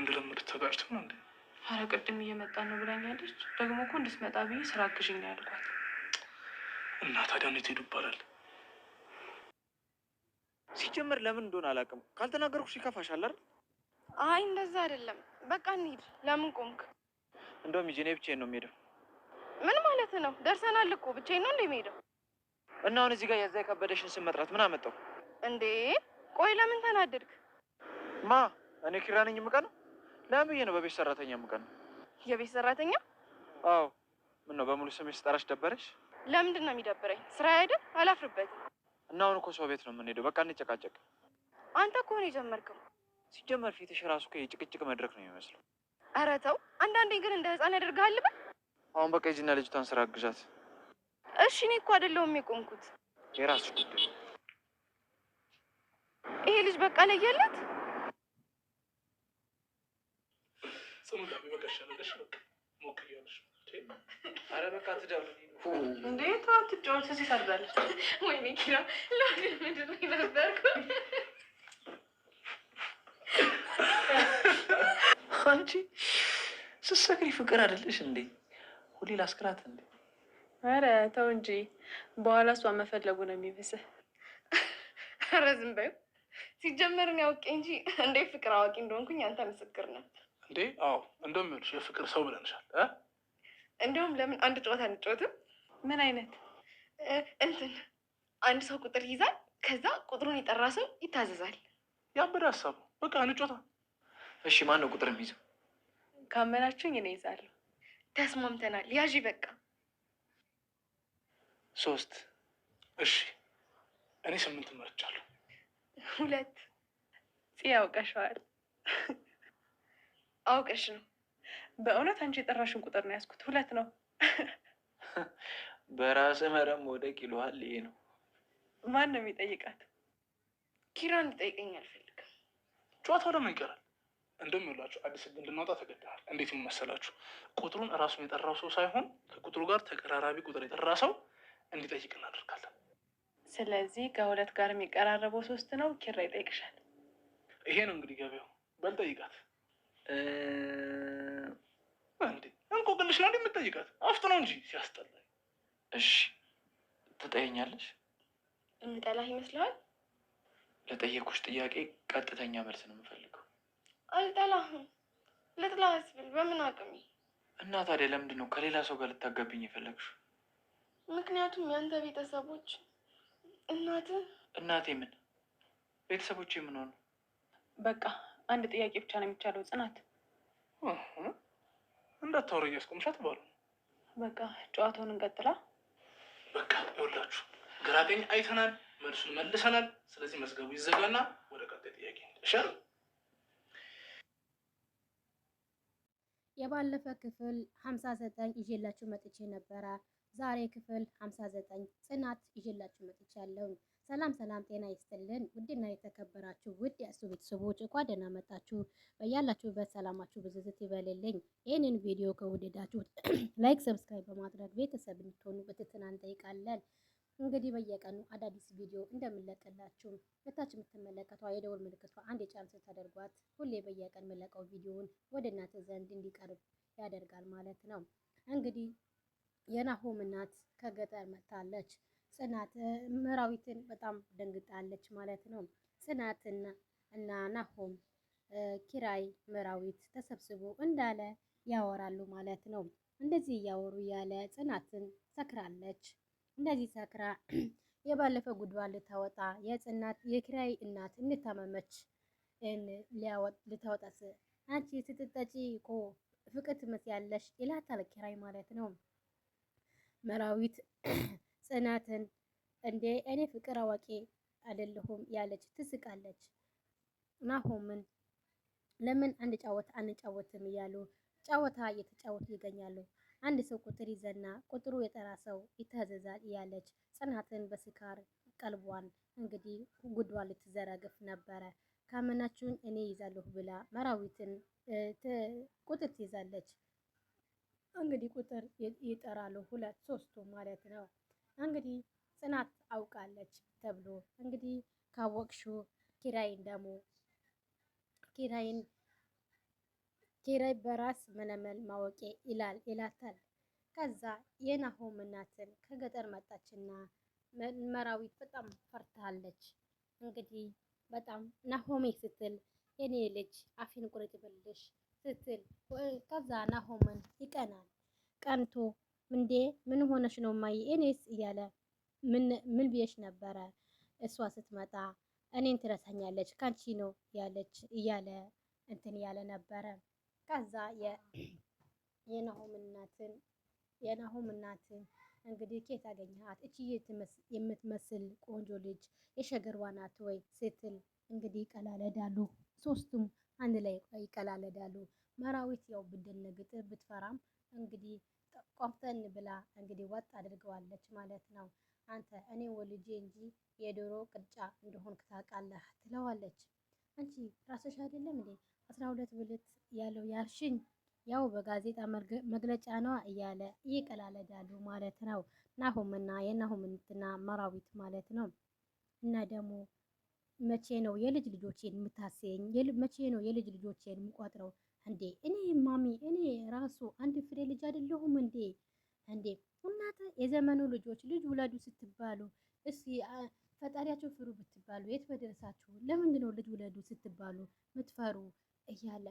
እንደለመዱት ተጋጭተው ነው እንዴ? አረ ቅድም እየመጣ ነው ብላኛለች። ደግሞ እኮ እንድትመጣ ብዬ ስራ አግዥኝ ያልኳት እና ታዲያ እኔ ትሄዱ ይባላል። ሲጀመር ለምን እንደሆነ አላውቅም። ካልተናገርኩሽ ይከፋሻል አይደል? አይ እንደዛ አይደለም። በቃ እንሂድ። ለምን ቆምክ? እንደውም ሂጂ፣ እኔ ብቻዬን ነው የምሄደው። ምን ማለት ነው? ደርሰናል እኮ ብቻዬን ነው እንደሚሄደው እና አሁን እዚህ ጋር የዛ የከበደሽን ስም መጥራት ምን አመጣው እንዴ? ቆይ ለምን ተናደድክ? ማ እኔ ኪራ ነኝ ምቀ ለምን ነው በቤት ሰራተኛ የምቀን? የቤት ሰራተኛ? አዎ። ምን ነው በሙሉ ስሜ ስጠራሽ ደበረሽ? ለምንድን ነው የሚደብረኝ? ስራ አይደል? አላፍርበት። እና አሁን እኮ ሰው ቤት ነው የምንሄደው። በቃ እንጨቃጨቅ። አንተ እኮ ነው የጀመርከው። ሲጀመር ፊትሽ ራሱ እኮ የጭቅጭቅ መድረክ ነው የሚመስለው። ኧረ ተው። አንዳንዴ ግን እንደ ህፃን ያደርግሃል። በል አሁን በቃ የዚህና ልጅቷን ስራ አግዣት። እሺ። እኔ እኮ አይደለሁም የቆምኩት። የራስሽ ጉዳይ። ይሄ ልጅ በቃ ለየለት ጽኑ አንቺ ስትሰክሪ ፍቅር አይደለሽ እንዴ? ሁሌ ላስክራት እንዴ? አረ ተው እንጂ በኋላ እሷ መፈለጉ ነው የሚመስል። አረ ዝም በይው። ሲጀመርን ያውቄ እንጂ እንዴ ፍቅር አዋቂ እንደሆንኩኝ አንተ ምስክር ነው። እንዴ? አዎ፣ እንደውም ይኸውልሽ የፍቅር ሰው ብለንሻል። እንደውም ለምን አንድ ጨዋታ አንጫወትም? ምን አይነት እንትን? አንድ ሰው ቁጥር ይይዛል፣ ከዛ ቁጥሩን የጠራ ሰው ይታዘዛል። ያበደ ሀሳቡ ነው። በቃ አንጫወታ። እሺ፣ ማን ነው ቁጥር የሚይዘው? ካመናችሁኝ እኔ ይዛለሁ። ተስማምተናል። ያዥ በቃ ሶስት። እሺ፣ እኔ ስምንት መርጫለሁ። ሁለት ጽ ያውቀሸዋል አውቀሽ ነው። በእውነት አንቺ የጠራሽን ቁጥር ነው ያዝኩት። ሁለት ነው። በራስ መረም ወደቅ ይለዋል። ይሄ ነው። ማን ነው የሚጠይቃት? ኪራ እንድጠይቀኝ አልፈልግም። ጨዋታው ደግሞ ይቀራል። እንደሚውላችሁ አዲስ ህግ እንድናወጣ ተገድሃል። እንዴት የሚመሰላችሁ ቁጥሩን እራሱን የጠራው ሰው ሳይሆን ከቁጥሩ ጋር ተቀራራቢ ቁጥር የጠራ ሰው እንዲጠይቅ እናደርጋለን። ስለዚህ ከሁለት ጋር የሚቀራረበው ሶስት ነው። ኪራ ይጠይቅሻል። ይሄ ነው እንግዲህ ገበያው። በል ጠይቃት። እንዴ እንቆቅልሽ ነው የምጠይቃት አፍጥ ነው እንጂ ሲያስጠላኝ። እሺ ትጠይኛለሽ? የምጠላህ ይመስልሃል? ለጠየኩሽ ጥያቄ ቀጥተኛ መልስ ነው የምፈልገው። አልጠላህም። ልጥላህ ስብል በምን አቅሜ? እና ታዲያ ለምንድን ነው ከሌላ ሰው ጋር ልታጋብኝ የፈለግሽው? ምክንያቱም የአንተ ቤተሰቦች እናት እናቴ ምን ቤተሰቦች የምንሆኑ በቃ አንድ ጥያቄ ብቻ ነው የሚቻለው። ጽናት እንዳታወሪ እያስቆምሻት ባሉ በቃ ጨዋታውን እንቀጥላ። በቃ ይኸውላችሁ ግራቀኝ አይተናል፣ መልሱን መልሰናል። ስለዚህ መዝገቡ ይዘጋና ወደ ቀጣይ ጥያቄ ይሻል። የባለፈ ክፍል ሀምሳ ዘጠኝ ይዤላችሁ መጥቼ ነበረ። ዛሬ ክፍል ሀምሳ ዘጠኝ ጽናት ይዤላችሁ መጥቻለሁ። ሰላም ሰላም፣ ጤና ይስጥልን ውድና የተከበራችሁ ውድ የእሱ ቤተሰቦች እንኳን ደህና መጣችሁ። በያላችሁበት ሰላማችሁ ብዝዝት ይበልልኝ። ይህንን ቪዲዮ ከወደዳችሁ ላይክ፣ ሰብስክራይብ በማድረግ ቤተሰብ እንድትሆኑ በትህትና እንጠይቃለን። እንግዲህ በየቀኑ አዳዲስ ቪዲዮ እንደምንለቅላችሁ በታች የምትመለከቷ የደወል ምልክቷ አንድ የጫንስ ተደርጓት ሁሌ በየቀን የምለቀው ቪዲዮውን ወደ እናንተ ዘንድ እንዲቀርብ ያደርጋል ማለት ነው። እንግዲህ የናሆም እናት ከገጠር መጥታለች። ጽናት ምራዊትን በጣም ደንግጣለች ማለት ነው። ጽናትና እና ናሆም ኪራይ ምራዊት ተሰብስቦ እንዳለ ያወራሉ ማለት ነው። እንደዚህ እያወሩ ያለ ጽናትን ሰክራለች። እንደዚህ ሰክራ የባለፈ ጉድባን ልታወጣ የጽናት የኪራይ እናት እንድታመመች ልታወጣ አንቺ ስትጠጪ እኮ ፍቅር ትመስያለሽ ይላታል ኪራይ ማለት ነው። መራዊት ጽናትን እንዴ እኔ ፍቅር አዋቂ አይደለሁም ያለች ትስቃለች። ናሆምን ለምን አንድ ጫወት አንጫወትም እያሉ ጫወታ እየተጫወቱ ይገኛሉ። አንድ ሰው ቁጥር ይዘና ቁጥሩ የጠራ ሰው ይታዘዛል እያለች ጽናትን በስካር ቀልቧን እንግዲህ ጉዷ ልትዘረግፍ ነበረ። ካመናችሁን እኔ ይዛለሁ ብላ መራዊትን ቁጥር ትይዛለች። እንግዲህ ቁጥር ይጠራሉ ሁለት ሶስቱ ማለት ነው። እንግዲህ ጽናት አውቃለች ተብሎ እንግዲህ ካወቅሹ ኪራይን ደግሞ ኪራይን ኪራይ በራስ መለመል ማወቄ ይላል ይላታል። ከዛ የናሆም እናትን ከገጠር መጣችና መራዊት በጣም ፈርታለች። እንግዲህ በጣም ናሆሜ ስትል የኔ ልጅ አፊን ቁረጭ ብልሽ ስትል ከዛ ናሆምን ይቀናል ቀንቶ እንዴ ምን ሆነሽ ነው ማይ እኔስ እያለ ምን ምን ብዬሽ ነበረ? እሷ ስትመጣ እኔን ትረሳኛለች ካንቺ ነው ያለች እያለ እንትን እያለ ነበረ። ከዛ የናሆም እናትን የናሆም እናትን እንግዲህ ኬት አገኘሃት እቺ የምትመስል ቆንጆ ልጅ የሸገርዋ ናት ወይ ስትል እንግዲህ ይቀላለዳሉ። ሶስቱም አንድ ላይ ይቀላለዳሉ። መራዊት ያው ብትደነግጥ ብትፈራም እንግዲህ ቆፍጠን ብላ እንግዲህ ወጥ አድርገዋለች ማለት ነው። አንተ እኔ ወልጄ እንጂ የዶሮ ቅርጫ እንደሆን ታውቃለህ ትለዋለች። አንቺ ራስሽ አይደለም እንዴ አስራ ሁለት ብልት ያለው ያልሽኝ? ያው በጋዜጣ መግለጫ ነዋ እያለ ይቀላለዳሉ ማለት ነው። ናሁምና የናሁምንትና መራዊት ማለት ነው። እና ደግሞ መቼ ነው የልጅ ልጆቼን የምታስየኝ? መቼ ነው የልጅ ልጆቼን የምቆጥረው? እንዴ እኔ ማሚ እኔ ራሱ አንድ ፍሬ ልጅ አይደለሁም እንዴ? እንዴ እናት የዘመኑ ልጆች ልጅ ውለዱ ስትባሉ እስ ፈጣሪያቸው ፍሩ ብትባሉ የት በደረሳችሁ? ለምንድን ነው ልጅ ውለዱ ስትባሉ ምትፈሩ? እያለ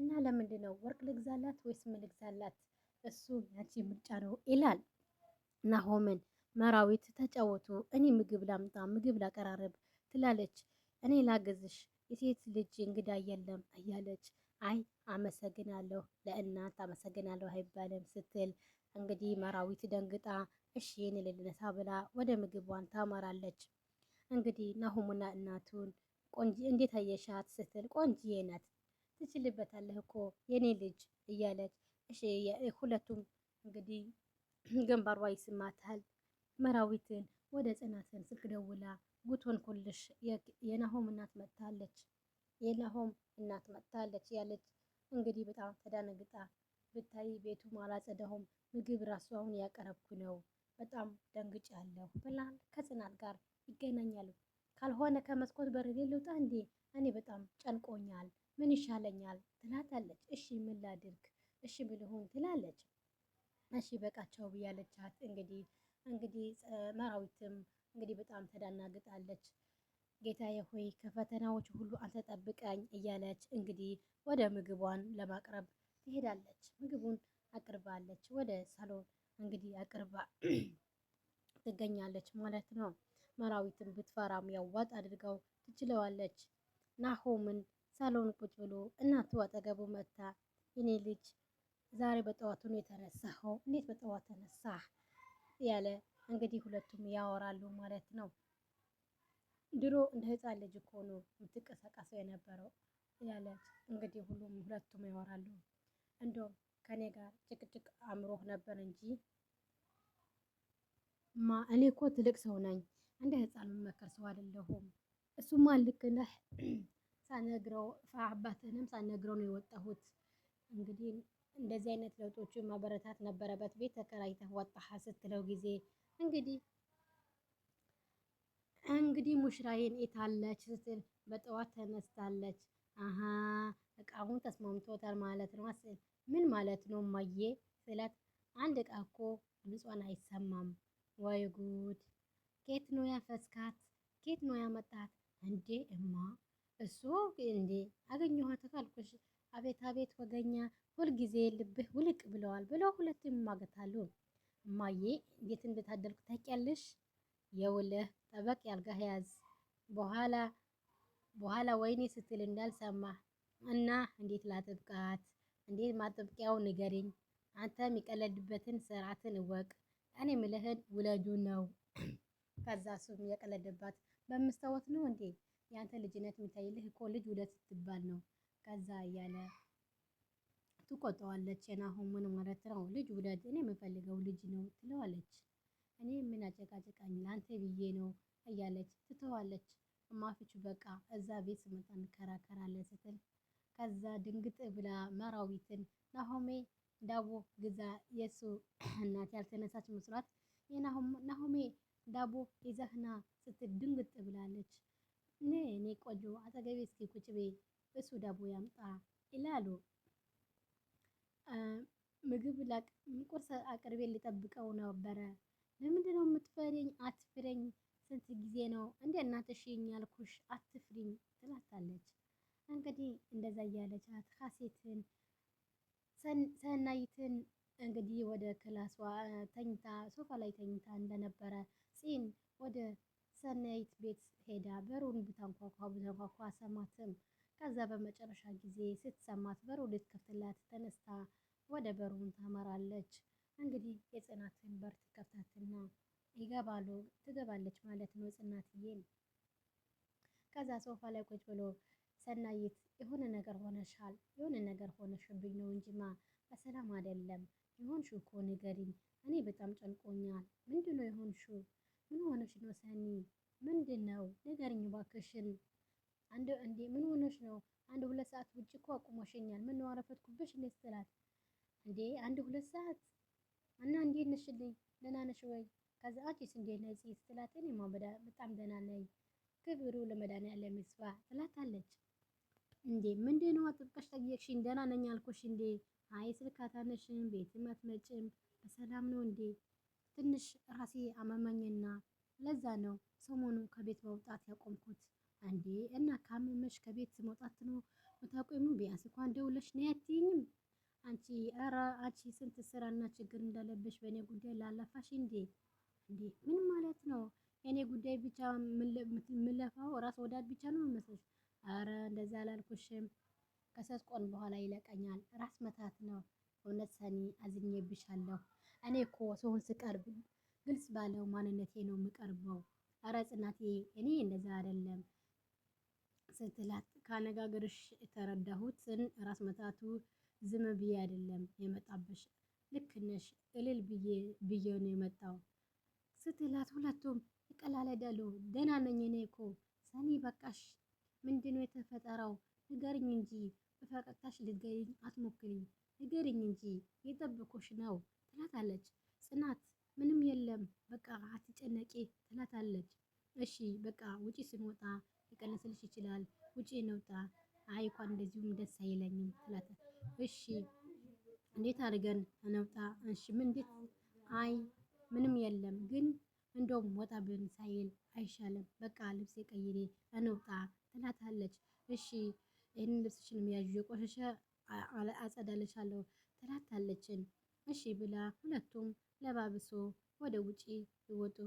እና ለምንድን ነው ወርቅ ልግዛላት ወይስ ምን ልግዛላት? እሱ ያቺ ምርጫ ነው ይላል ናሆምን። መራዊት ተጫወቱ፣ እኔ ምግብ ላምጣ፣ ምግብ ላቀራረብ ትላለች። እኔ ላግዝሽ፣ የሴት ልጅ እንግዳ የለም እያለች አይ አመሰግናለሁ ለእናት አመሰግናለሁ አይባልም ስትል እንግዲህ መራዊት ደንግጣ እሺ የኔ ብላ ወደ ምግቧን ታመራለች። እንግዲህ ናሁሙና እናቱን ቆንጂ እንዴት አየሻት ስትል ቆንጂዬ ናት ትችልበታለህ እኮ የኔ ልጅ እያለች እሺ ሁለቱም እንግዲህ ግንባሯ ይስማታል። መራዊትን ወደ ጽናትን ስልክ ደውላ ጉቶን ኩልሽ የናሆም እናት መጥታለች የናሆም እናት መጥታለች። ያለች እንግዲህ በጣም ተዳነግጣ ብታይ ቤቱ አላጸዳሁም፣ ምግብ ራሱ አሁን ያቀረብኩ ነው፣ በጣም ደንግጫለሁ ብላ ከጽናት ጋር ይገናኛሉ። ካልሆነ ከመስኮት በር ልውጣ እንዴ? እኔ በጣም ጨንቆኛል፣ ምን ይሻለኛል ትላታለች። እሺ ምን ላድርግ? እሺ ብልሁን ትላለች። እሺ በቃቸው ብያለቻት። እንግዲህ እንግዲህ መራዊትም እንግዲህ በጣም ተዳናግጣለች። ጌታዬ ሆይ ከፈተናዎች ሁሉ አንተ ጠብቀኝ እያለች እንግዲህ ወደ ምግቧን ለማቅረብ ትሄዳለች። ምግቡን አቅርባለች፣ ወደ ሳሎን እንግዲህ አቅርባ ትገኛለች ማለት ነው። መራዊትን ብትፈራም ያዋጥ አድርገው ትችለዋለች። ናሆምን ሳሎን ቁጭ ብሎ እናቱ አጠገቡ መታ የኔ ልጅ ዛሬ በጠዋቱ ነው የተነሳኸው፣ እንዴት በጠዋት ተነሳህ? ያለ እንግዲህ ሁለቱም ያወራሉ ማለት ነው። ድሮ እንደ ህፃን ልጅ እኮ ነው የምትንቀሳቀሰው የነበረው ያለ እንግዲህ ሁሉም ሁለቱም ያወራሉ። እንደውም ከኔ ጋር ጭቅጭቅ አምሮህ ነበር እንጂ ማ እኔ እኮ ትልቅ ሰው ነኝ፣ እንደ ህፃን መመከር ሰው አይደለሁም። እሱማ ልክ ነህ፣ ሳነግረው አባትህንም ሳነግረው ነው የወጣሁት። እንግዲህ እንደዚህ አይነት ለውጦችን ማበረታት ነበረበት። ቤት ተከራይተህ ወጣህ ስትለው ጊዜ እንግዲህ እንግዲህ ሙሽራዬን የታለች ስትል በጠዋት ተነስታለች። አሀ እቃውን ተስማምቶታል ማለት ነው አስል ምን ማለት ነው ማዬ ስላት፣ አንድ እቃ እኮ ድምጿን አይሰማም ወይ ጉድ! ኬት ነው ያፈስካት? ኬት ነው ያመጣት? እንዴ እማ እሱ እንዴ አገኘኋት አልኩሽ። አቤት አቤት ወገኛ፣ ሁልጊዜ ልብህ ውልቅ ብለዋል ብሎ ሁለቱም ይማገታሉ። እማዬ እንዴት እንደታደልኩ ታውቂያለሽ? የውልህ ጠበቅ ያልጋህ ያዝ በኋላ በኋላ ወይኔ ስትል እንዳልሰማ እና እንዴት ላጥብቃት እንዴት ማጥብቂያው ንገሪኝ። አንተ የሚቀለድበትን ስርዓትን እወቅ። እኔ ምልህን ውለዱ ነው። ከዛ እሱም የቀለደባት በመስታወት ነው እንዴ የአንተ ልጅነት የሚታይልህ እኮ ልጅ ውለት ስትባል ነው። ከዛ እያለ ትቆጠዋለች። የናሆምን ማለት ነው ልጅ ውለድ፣ እኔ የምፈልገው ልጅ ነው ትለዋለች። እኔ ምን አጨቃጨቃኝ ለአንተ ብዬ ነው እያለች ትተዋለች። እማፊቱ በቃ እዛ ቤት ስመጣ እንከራከራለን ስትል ከዛ ድንግጥ ብላ መራዊትን ናሆሜ ዳቦ ግዛ የእሱ እናት ያልተነሳች መስሏት ናሆሜ ዳቦ ይዘህና ስትል ድንግጥ ብላለች። እኔ እኔ ቆጆ አጠገቤ እስኪ ቁጭ በይ እሱ ዳቦ ያምጣ ይላሉ። ምግብ ቁርስ አቅርቤ ሊጠብቀው ነበረ ለምንድን ነው የምትፈሪኝ? አትፍረኝ፣ ስንት ጊዜ ነው እንደ እናትሽኝ ያልኩሽ? አትፍሪኝ ትላታለች። እንግዲህ እንደዛ እያለቻት ሀሴትን ሰናይትን እንግዲህ ወደ ክላሷ ተኝታ ሶፋ ላይ ተኝታ እንደነበረ ፂን ወደ ሰናይት ቤት ሄዳ በሩን ብታንኳኳ ብታንኳኳ ሰማትም። ከዛ በመጨረሻ ጊዜ ስትሰማት በሩ ልትከፍትላት ተነስታ ወደ በሩን ታመራለች። እንግዲህ የጽናትን በር ትከፍታትና ይገባሉ ትገባለች ማለት ነው ጽናትዬን ከዛ ሶፋ ላይ ቁጭ ብሎ ሰናይት የሆነ ነገር ሆነሻል፣ የሆነ ነገር ሆነሽብኝ ነው እንጂማ በሰላም አይደለም። የሆንሽው እኮ ንገሪኝ፣ እኔ በጣም ጨንቆኛል። ምንድን ነው የሆንሽው? ምን ሆነሽ ነው ሰኒ? ምንድን ነው ንገሪኝ እባክሽን። አንድ እንዴ ምን ሆነሽ ነው? አንድ ሁለት ሰዓት ውጭ እኮ አቁሞሽኛል። ምን ነው አረፈድኩብሽ? እንዴት እንዴ አንድ ሁለት ሰዓት እና እንዴት ነሽልኝ? ደህና ነሽ ወይ? ከዛ አንቺስ እንዴት ነሽ ስትላት እኔማ በጣም ደህና ነኝ፣ ክብሩ ለመድኃኒዓለም ይስፋ ትላታለች። እንዴ ምንድን ነው አጥብቀሽ ጠየቅሽኝ? ደህና ነኝ አልኩሽ እንዴ። አይ ስልክ አታነሽም፣ ቤትም አትመጭም፣ በሰላም ነው እንዴ? ትንሽ ራሴ አመመኝና ለዛ ነው ሰሞኑ ከቤት መውጣት ያቆምኩት። እንዴ እና ካመመሽ ከቤት መውጣት ነው የምታቆሚው? ቢያንስ እንኳን ደውለሽ ነይ አትይኝም? አንቺ ኧረ አንቺ ስንት ስራና ችግር እንዳለብሽ በእኔ ጉዳይ ላለፋሽ እንዴ እንዴ ምን ማለት ነው? የእኔ ጉዳይ ብቻ የምለፋው ራስ ወዳድ ብቻ ነው መስለሽ? ኧረ እንደዛ አላልኩሽም። ከሶስት ቀን በኋላ ይለቀኛል። ራስ መታት ነው እውነት ሰኒ፣ አዝኜብሻለሁ። እኔ እኮ ሰውን ስቀርብ ግልጽ ባለው ማንነቴ ነው የምቀርበው። ኧረ ጽናቴ፣ እኔ እንደዛ አይደለም ስትላት ካነጋገርሽ የተረዳሁትን ራስ መታቱ ዝም ብዬ አይደለም የመጣብሽ ልክ ነሽ እልል ብዬ ብዬ ነው የመጣው ስትላት ሁለቱም ይቀላለዳሉ። ደህና ነኝ እኔ እኮ ሰኒ፣ በቃሽ ምንድነው የተፈጠረው? ንገርኝ እንጂ በፈቀቅታሽ ልገኝ አትሞክሪ፣ ንገርኝ እንጂ የጠብኩሽ ነው ትላታለች። ጽናት ምንም የለም በቃ አትጨነቂ ትላታለች። እሺ በቃ ውጪ ስንወጣ ሊቀንስልሽ ይችላል፣ ውጪ እንውጣ። አይ እንኳን እንደዚሁም ደስ አይለኝም ትላታለች። እሺ እንዴት አድርገን እንውጣ? እሺ ምን እንዴት? አይ ምንም የለም ግን እንደውም ወጣ ብለን ሳይል አይሻልም? በቃ ልብስ ቀይሬ እንውጣ ትላታለች። እሺ ይህንን ልብስሽን የሚያዥ የቆሸሸ አጸዳልሻለሁ ትላታለችን። እሺ ብላ ሁለቱም ለባብሶ ወደ ውጪ ይወጡ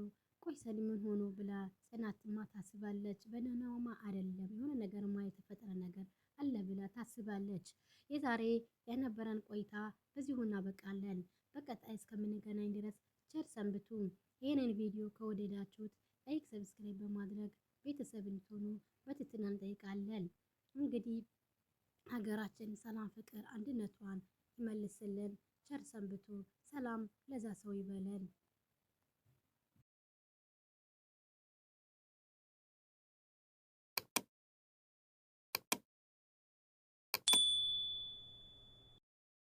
ቆይ ሰኒ ምን ሆኖ ብላ ጽናትማ ታስባለች። በደህናውማ አይደለም የሆነ ነገርማ የተፈጠረ ነገር አለ ብላ ታስባለች። የዛሬ የነበረን ቆይታ በዚሁ እናበቃለን። በቀጣይ እስከምንገናኝ ድረስ ቸር ሰንብቱ። ይህንን ቪዲዮ ከወደዳችሁት ላይክ፣ ሰብስክራይብ በማድረግ ቤተሰብ እንድትሆኑ በትህትና እንጠይቃለን። እንግዲህ ሀገራችን ሰላም፣ ፍቅር፣ አንድነቷን ይመልስልን። ቸር ሰንብቱ። ሰላም ለዛ ሰው ይበለን።